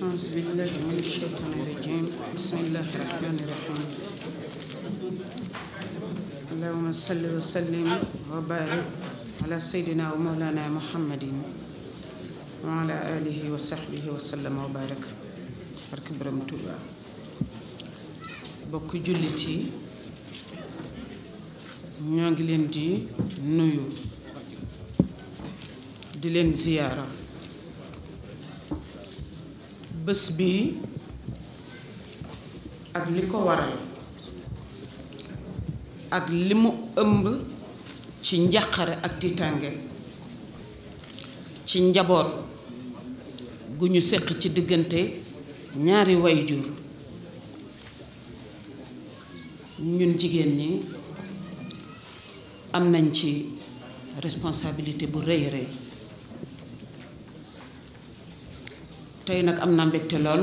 أعوذ بالله من الشيطان الرجيم بسم الله الرحمن الرحيم اللهم صل وسلم وبارك على سيدنا ومولانا محمد وعلى آله وصحبه وسلم وبارك bark Borom Tuuba bokk jullit yi ñoo ngi leen di nuyu di leen ziyaara bés bii ak li ko waral ak li mu ëmb ci njàqare ak tiitaange ci njaboot gu ñu séq ci diggante ñaari wayjur ñun jigéen ñi am nañ ci responsabilité bu rëy rëy tey nag am na mbégte lool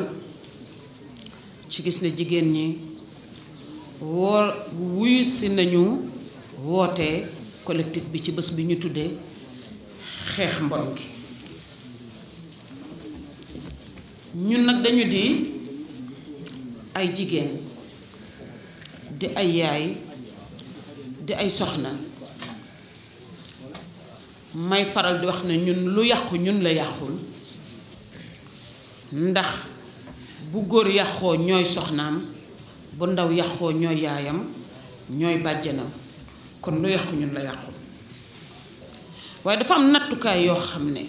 ci gis ne jigéen ñi woo wuyu nañu woote collectif bi ci bés bi ñu tuddee xeex mbon gi ñun nag dañu di ay jigéen di ay yaay di ay soxna may faral di wax ne ñun lu yàqu ñun la yàqul ndax bu góor yàqoo ñooy soxnaam bu ndaw yàqoo ñooy yaayam ñooy bàjjanam kon lu yàqu ñun la yàqu waaye dafa am nattukaay yoo xam ne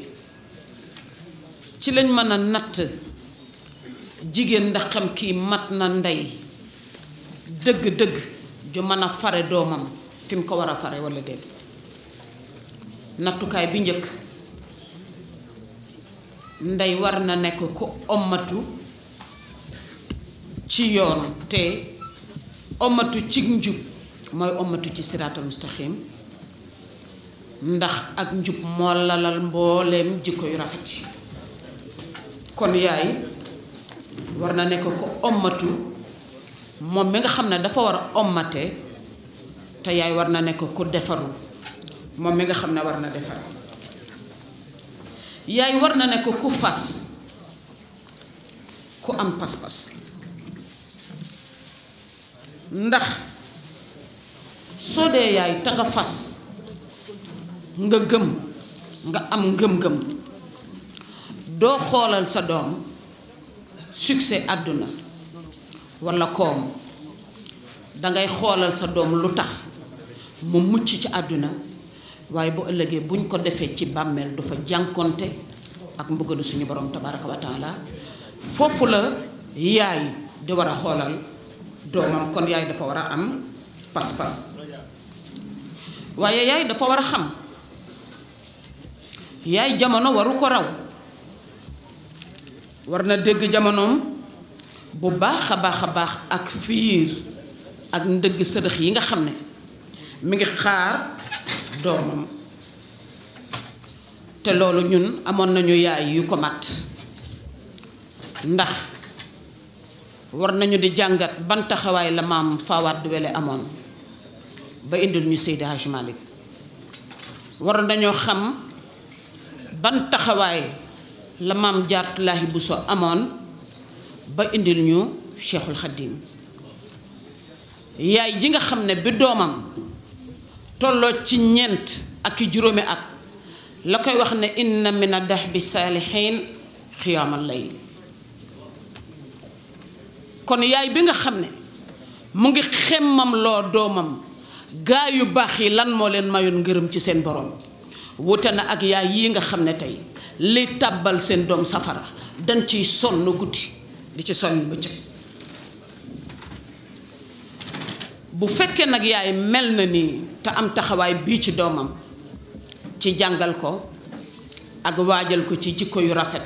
ci lañ mën a natt jigéen ndax xam kii mat na ndey dëgg-dëgg ju mën a fare doomam fi ko war a fare walla déet nattukaay bi njëkk ndey war na nekk ku ommatu ci yoon te ommatu ci njub mooy ommatu ci siraatal mustaqim ndax ak njub moo lalal mbooleem jikko yu rafet kon yaay war na nekk ko ommatu moom mi nga xam ne dafa war a te yaay war na nekk ku defarul moom mi nga xam ne war na defaru yaay war na ne ko ku fas ku am pas-pas ndax soo dee yaay te nga fas nga gëm nga am ngëm-ngëm doo xoolal sa doom succès àdduna walla koom dangay xoolal sa doom lu tax mu mucc ci àdduna waaye bu ëllëgee buñ ko defee ci bàmmeel du fa ak mbugalu suñu boroom tabaraka wa taala foofu la yaay di war a xoolal doomam kon yaay dafa war a am pas-pas waaye yaay dafa war a xam yaay jamono waru ko raw war na dégg jamonoom bu baax a baax a baax ak fiir ak ndëgg sërëx yi nga xam ne mi ngi xaar doomam te loolu ñun amoon nañu yaay yu ko mat ndax war nañu di jàngat ban taxawaay la maam Fawade Wele amoon ba indil ñu Seydi Hadji Malick war nañoo xam ban taxawaay la maam Jaaratullaahi Buso amoon ba indil ñu Cheikhul Khadim yaay ji nga xam ne bi doomam tolloo ci ñeent ak i juróomi at la koy wax ne inna min dex dax bi saalixiin xiyaamal layl kon yaay bi nga xam ne mu ngi xemmam loo doomam gaa yu baax yi lan moo leen mayoon ngërëm ci seen boroom wute na ak yaay yi nga xam ne tey li tàbbal seen doom safara dañ ciy sonn guddi di ci sonn bëccëg bu fekkee nag yaay mel na nii te am taxawaay bii ci doomam ci jàngal ko ak waajal ko ci jikko yu rafet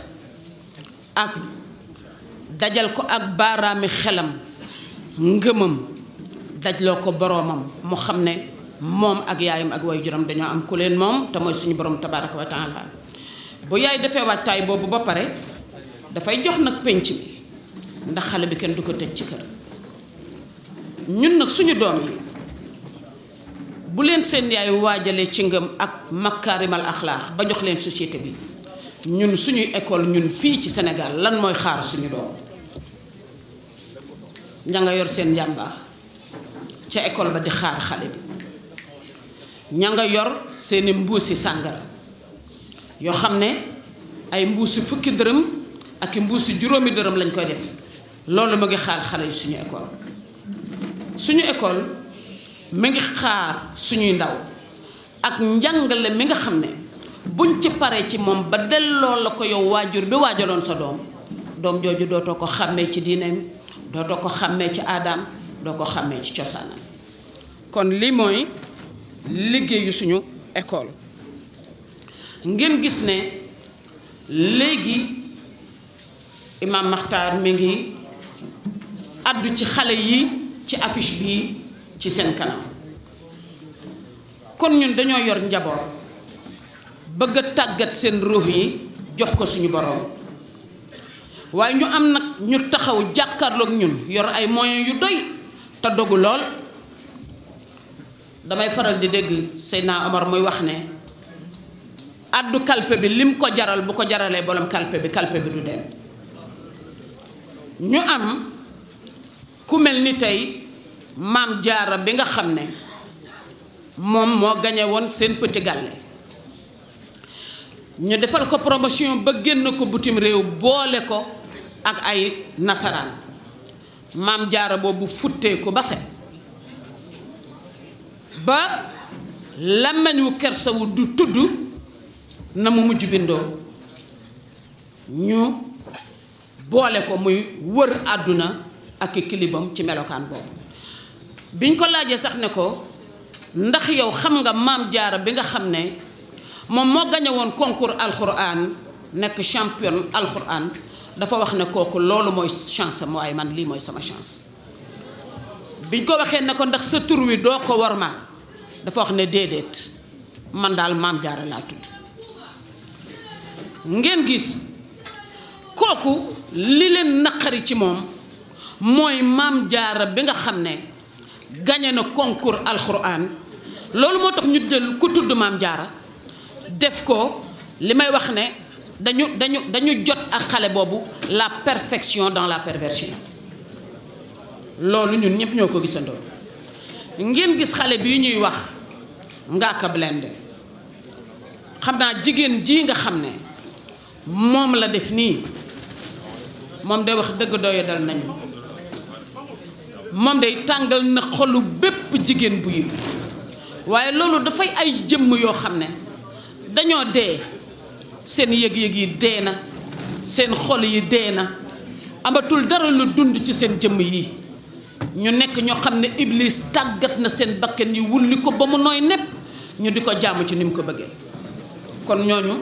ak dajal ko ak baaraami xelam ngëmam dajloo ko boroomam mu xam ne moom ak yaayam ak waajuram dañoo am ku leen moom te mooy suñu boroom tabaaraka wa taala bu yaay defee waajtaay boobu ba pare dafay jox nag penc bi ndax xale bi kenn du ko tëj ci kër ñun nag suñu doom yi bu leen seen yaay waajale ci ngëm ak makaarimal axlaax ba jox leen société bi ñun suñuy école ñun fii ci senegal lan mooy xaar suñu doom ña nga yor seen yàmba ca école ba di xaar xale bi ña nga yor seeni mbuusi sàngara yoo xam ne ay mbuusi fukki dërëm ak i mbuusi juróomi dërëm lañ koy def loolu mu ngi xaar xale yi suñu école suñu école mi ngi xaar suñuy ndaw ak njàngale mi nga xam ne buñ ci paree ci moom ba delloo la ko yow waajur bi waajaloon sa doom doom jooju dootoo ko xàmmee ci diineem dootoo ko xàmmee ci aadaam doo ko xàmmee ci cosaanam kon lii mooy liggéeyu suñu école ngeen gis ne léegi Imam Makhtar mi ngi àddu ci xale yi ci affiche bii ci seen kanam kon ñun dañoo yor njaboot bëgg tàggat seen ruux yi jox ko suñu boroom waaye ñu am nag ñu taxaw jàkkaarloog ñun yor ay moyens yu doy te dogu lool damay faral di dégg naa Omar muy wax ne addu kalpe bi lim ko jaral bu ko jaralee borom kalpe bi kalpe bi du dem ñu am ku mel ni tey maam jaara bi nga xam ne moom moo gañe woon seen Petit ñu defal ko promotion ba génn ko butim réew boole ko ak ay nasaraan maam jaara boobu futtee ko ba set ba làmmiñ wu kersawu du tudd na mu mujj bindoo ñu boole ko muy wër àdduna ak i ci melokaan boobu biñ ko laajee sax ne ko ndax yow xam nga maam jaara bi nga xam ne moom moo gañe woon concours alxuraan nekk champion alxuraan dafa wax ne kooku loolu mooy chance am waaye man lii mooy sama chance biñ ko waxee ne ko ndax sa tur wi doo ko war ma dafa wax ne déedéet man daal maam jaara laa tudd ngeen gis kooku li leen naqari ci moom mooy maam jaara bi nga xam ne gagné na concours alxuraan loolu moo tax ñu dellu ku tudd maam jaara def ko li may wax ne dañu dañu dañu jot ak xale boobu la perfection dans la perversion loolu ñun ñëpp ñoo ko gisandoo ngeen gis xale bi ñuy wax Ngaaka Blindé xam naa jigéen ji nga xam ne moom la def nii moom de wax dëgg doyadal nañu moom de tàngal na xolu bépp jigéen bu yi waaye loolu dafay ay jëmm yoo xam ne dañoo dee seen yëg-yëg yi dee na seen xol yi dee na amatul dara lu dund ci seen jëmm yi ñu nekk ñoo xam ne iblis tàggat na seen bakken yi wulli ko ba mu nooy nepp ñu di ko jaamu ci ni mu ko bëggee kon ñooñu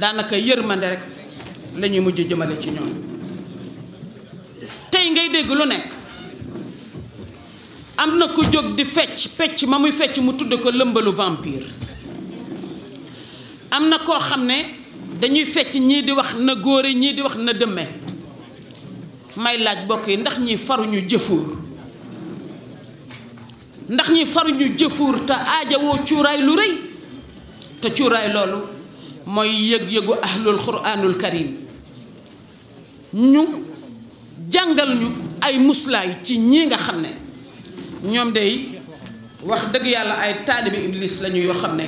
daanaka yërmande rek la mujj jëmale ci ñooñu tey ngay dégg lu nekk am na ku jóg di fecc pecc ma muy fecc mu tudd ko lëmbalu vampire am na koo xam ne dañuy fecc ñii di wax na góore ñii di wax na dëmme may laaj bokk yi ndax ñi faruñu jëfuur ndax ñi faruñu jëfuur te aajawoo cuuraay lu rëy te cuuraay loolu mooy yëg-yëgu ahlul quraanul karim ñu jàngal ñu ay muslaay ci ñi nga xam ne ñoom de wax dëgg yàlla ay taalibi iblis la ñu yoo xam ne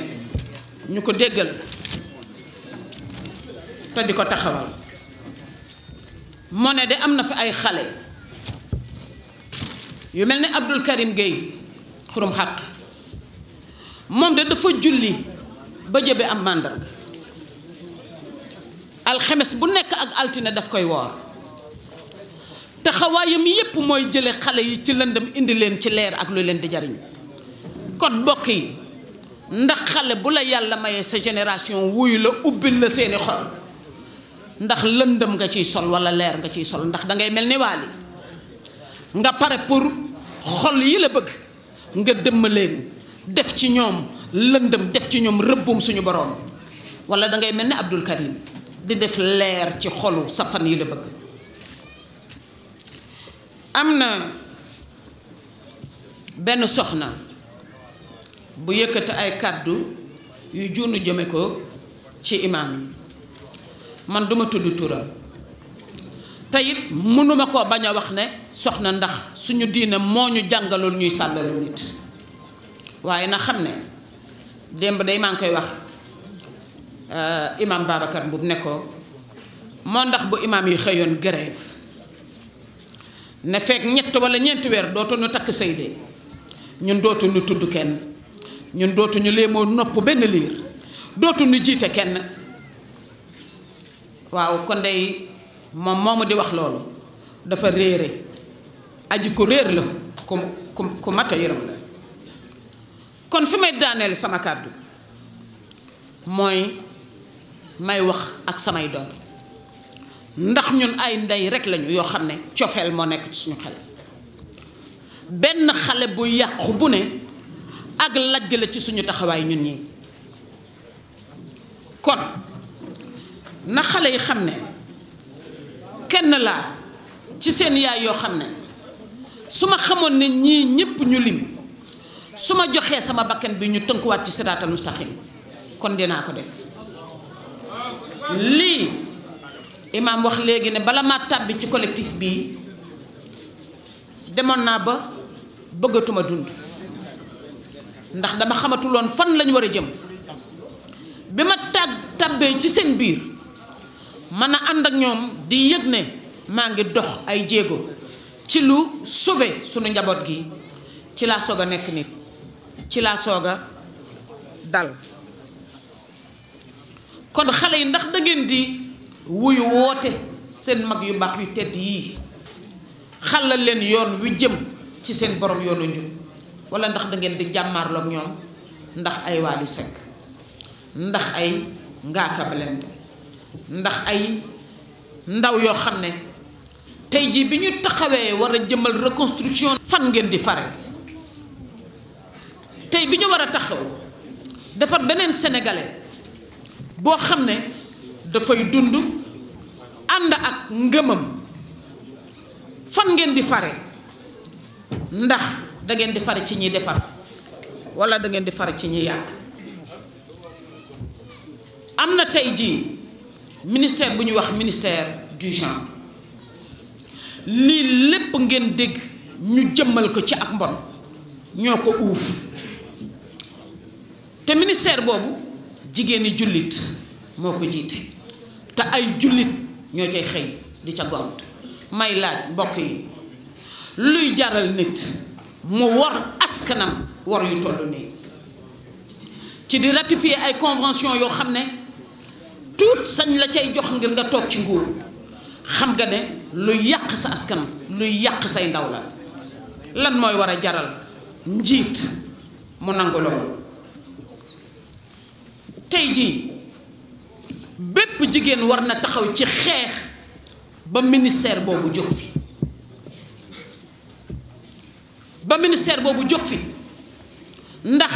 ñu ko déggal te di ko taxawal moo ne de am na fi ay xale yu mel ni Abdul Karim Gueye xurum xaq moom de dafa julli ba jëbe am màndarga alxemes bu nekk ak altine daf koy woor te taxawaayam yépp mooy jële xale yi ci lëndëm indi leen ci leer ak lu leen di jariñ kon mbokk yi ndax xale bu la yàlla mayee sa génération wuyu la ubbil la seeni xol ndax lëndëm nga ciy sol wala leer nga ciy sol ndax dangay mel ni waali nga pare pour xol yi la bëgg nga dëmm leen def ci ñoom lëndëm def ci ñoom rëbbum suñu boroom wala dangay mel ni Abdul Karim di def leer ci xolu sa fan yi la bëgg am na benn soxna bu yëkkati ay kàddu yu junnu jëme ko ci imaam yi man duma tudd turam te it mënuma koo bañ a wax ne soxna ndax suñu diine moo ñu jàngalul ñuy sàllalu nit waaye na xam ne démb day maa ngi koy wax euh, imaam Babacar Mbuub ne moo ndax bu imaam yi xëyoon grève ne fekk ñett wala ñeenti weer dootuñu takk sëy de ñun dootuñu tudd kenn ñun dootuñu léemoo nopp benn liir dootuñu jiite kenn waaw kon day moom moomu di wax loolu dafa réere aji ku réer la ku ku ku mat yërëm la kon fi may daaneel sama kàddu mooy may wax ak samay don ndax ñun ay ndey rekk lañu yoo xam ne cofeel moo nekk suñu xel benn xale bu yàqu bu ne ak lajj la ci suñu taxawaay ñun ñi kon na xale yi xam ne kenn laa ci seen yaay yoo xam ne su ma xamoon ne ñii ñépp ñu lim su ma joxee sama bakkan bi ñu tënkuwaat ci siraatal mustaqim kon dinaa ko def lii imaam wax léegi ne bala ma tàbbi ci collectif bii demoon naa ba bëggatuma dund ndax dama xamatuloon fan lañ war a jëm bi ma tàgg tàbbee ci seen biir mën a ànd ak ñoom di yëg ne maa ngi dox ay jéego ci lu sauver sunu njaboot gi ci laa soog a nekk nit ci laa soog a dal kon xale yi ndax da di wuyu woote seen mag yu baax yu tedd yii xalal leen yoon wu jëm ci seen borom yoonu njub wala ndax dangeen di jàmmaarloog ñoom ndax ay Wally ndax ay Ngaaka Blindé ndax ay ndaw yoo xam ne tey jii bi ñu taxawee war a jëmal reconstruction fan ngeen di fare tey bi ñu war a taxaw dafa beneen senegale boo xam ne dafay dund ànd ak ngëmam fan ngeen di fare ndax dangeen ngeen di fare ci ñi defar wala dangeen ngeen di fare ci ñi yàq am na tey jii ministère bu ñuy wax ministère du genre lii lépp ngeen dégg ñu jëmmal ko ci ak mbon ñoo ko uuf te ministère boobu jigéeni jullit moo ko jiite te ay jullit ñoo cay xëy di ca gont may laaj mbokk yi luy jaral nit mu war askanam war yu toll nii ci di ratifier ay convention yoo xam ne tuut sañ la cay jox ngir nga toog ci nguur xam nga ne luy yàq sa askanam luy yàq say ndaw la lan mooy war a jaral njiit mu nangu loolu tey jii bépp jigéen war na taxaw ci xeex ba ministère boobu jóg fi ba ministère boobu jóg fi ndax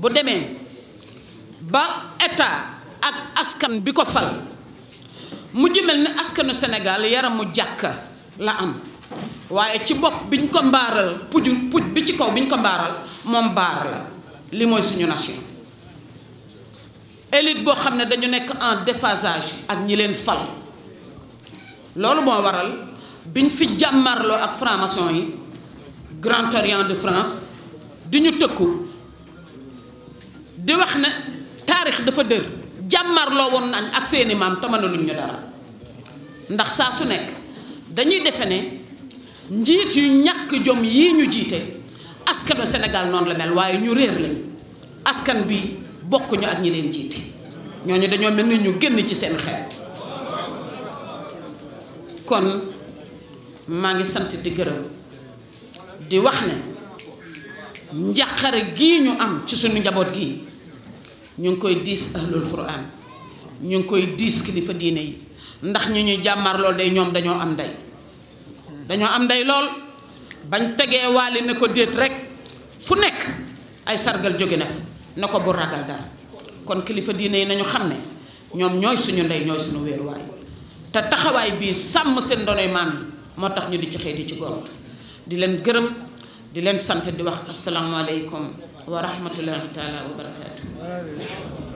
bu demee ba état ak askan bi ko fal mu jëmel ni askanu senegal yaram mu jàkka la am waaye ci bopp biñ ko mbaaral puju puj bi ci kaw biñ ko mbaaral moom baar la li mooy suñu nation élite boo xam ne dañu nekk en déphasage ak ñi leen fal loolu moo waral biñ fi jàmmarloo ak franc yi Grand Orient de France di ñu tëkku di wax ne taarix dafa dër jàmmarloo woon nañ ak seeni maam tamana luñ ñu dara ndax saa su nekk dañuy defe ne njiit yu ñàkk jom yi ñu jiite askanu senegal noonu la mel waaye ñu réer lañ askan bi bokkuñu ak ñi leen jiite ñooñu dañoo mel ni ñu génn ci seen xel kon maa ngi sant di gërëm di wax ne njaqare gii ñu am ci suñu njaboot gii ñu ngi koy diis ahlul quran ñu ngi koy diis kilifa diine yi ndax ñu ñuy jàmmar lool day ñoom dañoo am ndey dañoo am ndey lool bañ tegee waali ne ko déet rek fu nekk ay sargal jóge na fa ne ko bu ragal dara kon kilifa diine yi nañu xam ne ñoom ñooy suñu ndey ñooy suñu wéeruwaay te taxawaay bii sàmm seen ndonoy maam yi moo tax ñu di ci xëy di ci gont di leen gërëm di leen sant di wax asalaamaaleykum wa rahmatullahi taala barakaatu